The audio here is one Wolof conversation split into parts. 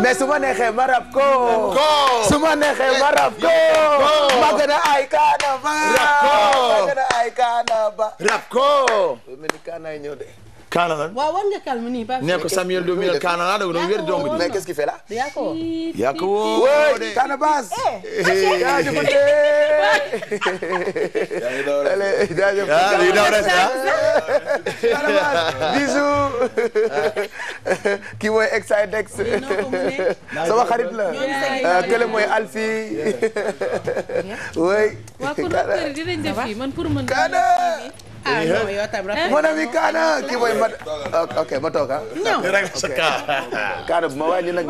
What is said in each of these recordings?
mais su ma neexee ma rab ko. ma neexee ma rab ko. ma gën a ay kaana rab ko ma gën ay kaana rab ko. lu mel ni kaana yi ñëw kii mooy Exidex sama xarit la euh, kële mooy Alfi oui. waaw kon dinañ def fii man pour mën. ah non yow tam rafet mon Kaana kii ma toog Kaana bu ma wàññi nag.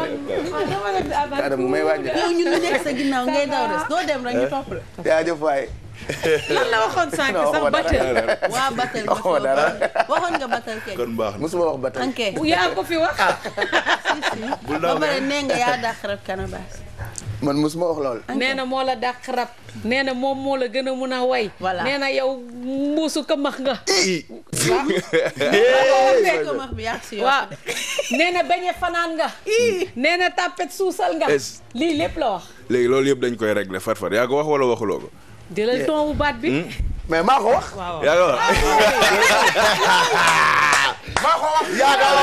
may wàññi. yow ñun ñu nekk sa ginnaaw ngay daw des doo dem rek ñu topp la. jaajëf waay. lan la waxoon sànq sax battel waa battel nga soo waxoon nga battel kenn. kon baax na mosuma wax yaa ko fi wax. si si ba pare nee nga yaa dàq rek man mosuma wax lool. nee na moo la dàq rab. nee na moom moo la gën a mun a way. voilà nee na yow mbuusu këmax nga. waaw. waaw nee na bañ fanaan nga. nee na tàppet suusal nga. lii lépp la wax. léegi loolu yëpp dañ koy régler far far yaa ko wax wala waxuloo ko. jëlal ton baat bi. Hmm? mais maa ko wax. yaakaar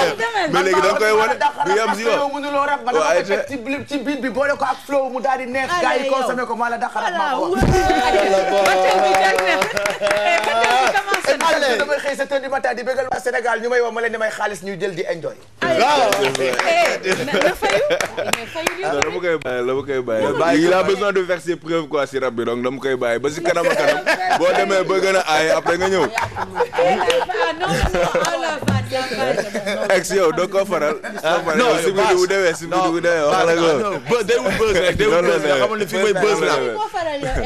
mais léegi da nga koy wane du yem si yow mënuloo rap ma dama ko teg ci blip ci biit bi boole ko ak flow mu daal di neex gars yi consommé ko maa la daxarat maa ko wax eh, damay xëy sa tëdd di matin di bégal waa Sénégal ñu may wax ma leen di may xaalis ñuy jël di enjoy waaw na fayu dama koy bàyyi dama koy bàyyi bàyyi il a besoin de faire ses preuves quoi si rab bi donc dama koy bàyyi ba si kanam a kanam boo demee ba gën a aay après nga ñëw ex yow doo ko faral. non si biir bu dewee si biir bu dewee wax la ko. day wut buzz rek day wut buzz rek xamal ne fii mooy buzz la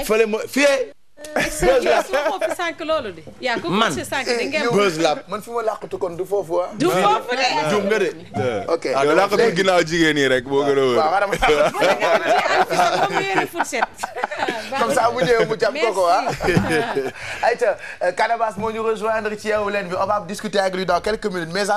fële mooy fii Eh, soo ko fi sànq loolu de. yaa man fi ma làqatu kon du foofu ah. du foofu de. Ah. juum nga de. ok yow ah, làqatu ginnaaw jigéen ñi rek boo gën a wër. waaw waaw waaw a ça bu ñëwee mu jàpp kooku ah. ayca euh, Canabasse moo ñu rejoindre ci Yeewu Leen bi on discuter avec lui quelques minutes